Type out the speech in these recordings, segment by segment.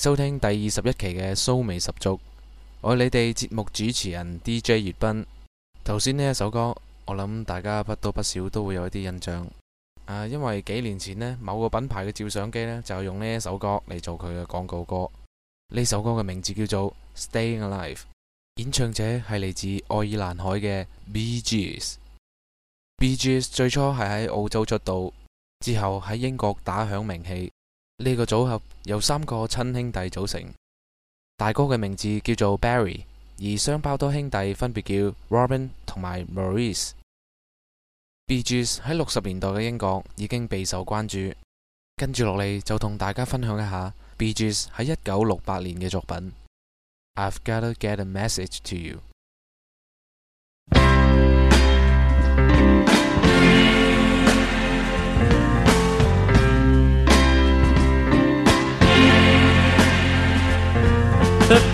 收聽第二十一期嘅蘇味十足，我係你哋節目主持人 DJ 葉斌。頭先呢一首歌，我諗大家不多不少都會有一啲印象。啊，因為幾年前呢，某個品牌嘅照相機呢，就用呢一首歌嚟做佢嘅廣告歌。呢首歌嘅名字叫做《Staying Alive》，演唱者係嚟自愛爾蘭海嘅 Bee Gees。Bee Gees 最初係喺澳洲出道，之後喺英國打響名氣。呢個組合由三個親兄弟組成，大哥嘅名字叫做 Barry，而雙胞胎兄弟分別叫 Robin 同埋 Maurice。Bee Gees 喺六十年代嘅英國已經備受關注。跟住落嚟就同大家分享一下 Bee Gees 喺一九六八年嘅作品《I've Gotta Get a Message to You》。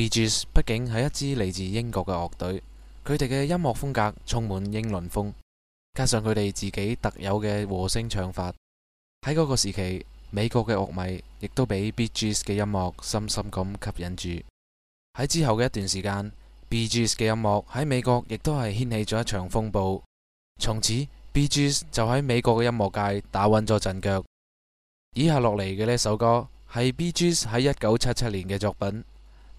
Bee Gees 畢竟係一支嚟自英國嘅樂隊，佢哋嘅音樂風格充滿英倫風，加上佢哋自己特有嘅和聲唱法，喺嗰個時期，美國嘅樂迷亦都俾 Bee Gees 嘅音樂深深咁吸引住。喺之後嘅一段時間，Bee Gees 嘅音樂喺美國亦都係掀起咗一場風暴，從此 Bee Gees 就喺美國嘅音樂界打穩咗陣腳。以下落嚟嘅呢首歌係 Bee Gees 喺一九七七年嘅作品。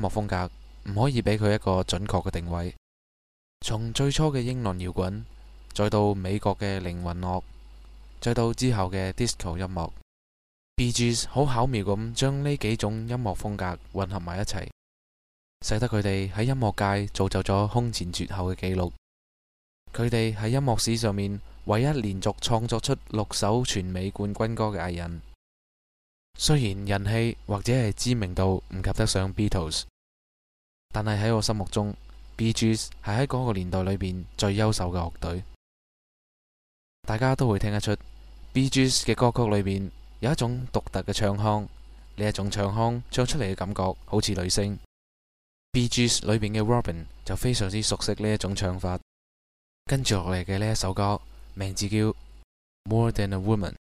音樂風格唔可以俾佢一個準確嘅定位，從最初嘅英倫搖滾，再到美國嘅靈魂樂，再到之後嘅 disco 音樂，Bee Gees 好巧妙咁將呢幾種音樂風格混合埋一齊，使得佢哋喺音樂界造就咗空前絕後嘅紀錄。佢哋喺音樂史上面唯一連續創作出六首全美冠軍歌嘅藝人。雖然人氣或者係知名度唔及得上 Beatles，但係喺我心目中，Bee Gees 係喺嗰個年代裏邊最優秀嘅樂隊。大家都會聽得出，Bee Gees 嘅歌曲裏邊有一種獨特嘅唱腔，呢一種唱腔唱出嚟嘅感覺好似女聲。Bee Gees 裏邊嘅 Robin 就非常之熟悉呢一種唱法。跟住落嚟嘅呢一首歌，名字叫《More Than A Woman》。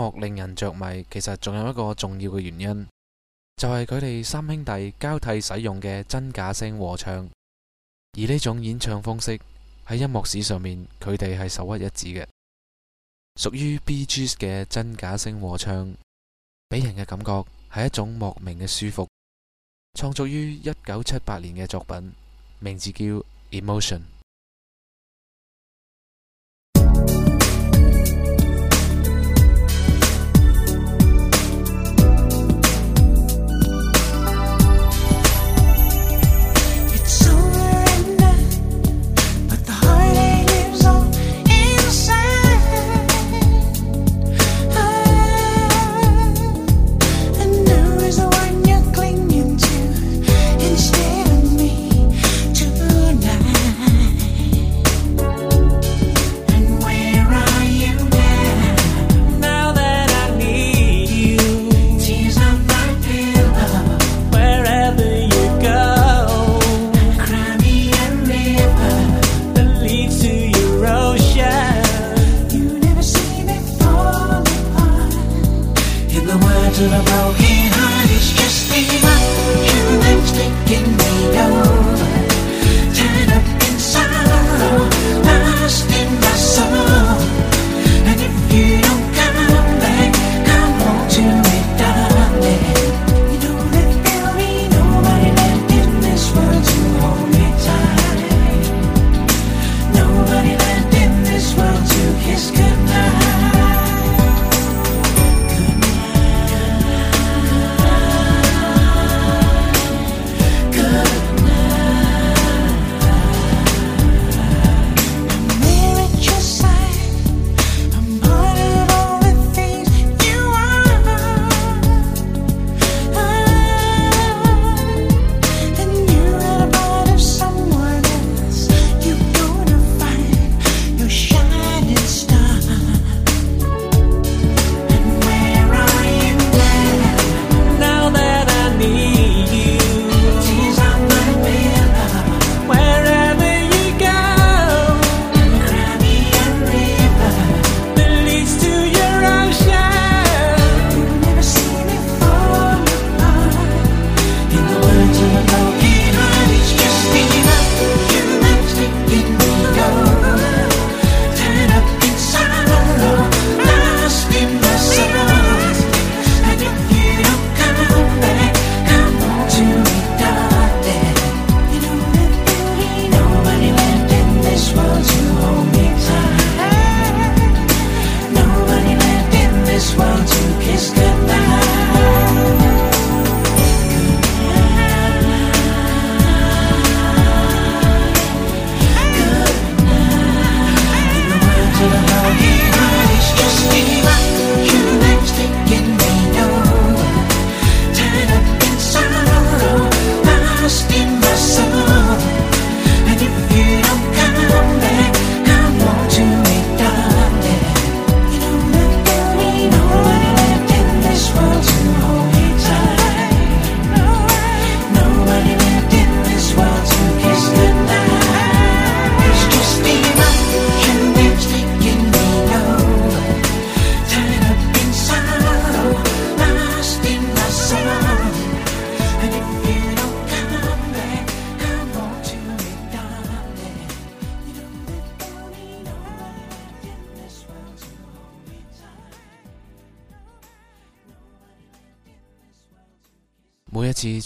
音樂令人着迷，其實仲有一個重要嘅原因，就係佢哋三兄弟交替使用嘅真假聲和唱，而呢種演唱方式喺音樂史上面佢哋係首屈一指嘅，屬於 Bee Gees 嘅真假聲和唱，俾人嘅感覺係一種莫名嘅舒服。創作於一九七八年嘅作品，名字叫 em《Emotion》。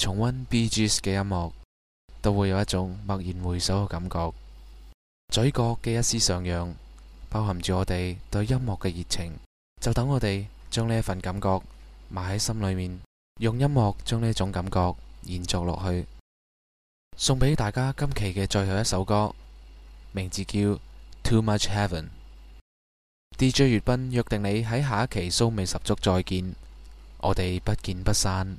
重溫 Bee Gees 嘅音樂，都會有一種驀然回首嘅感覺。嘴角嘅一絲上揚，包含住我哋對音樂嘅熱情。就等我哋將呢一份感覺埋喺心裏面，用音樂將呢一種感覺延續落去。送俾大家今期嘅最後一首歌，名字叫《Too Much Heaven》。DJ 月斌約定你喺下一期騷味十足再見，我哋不見不散。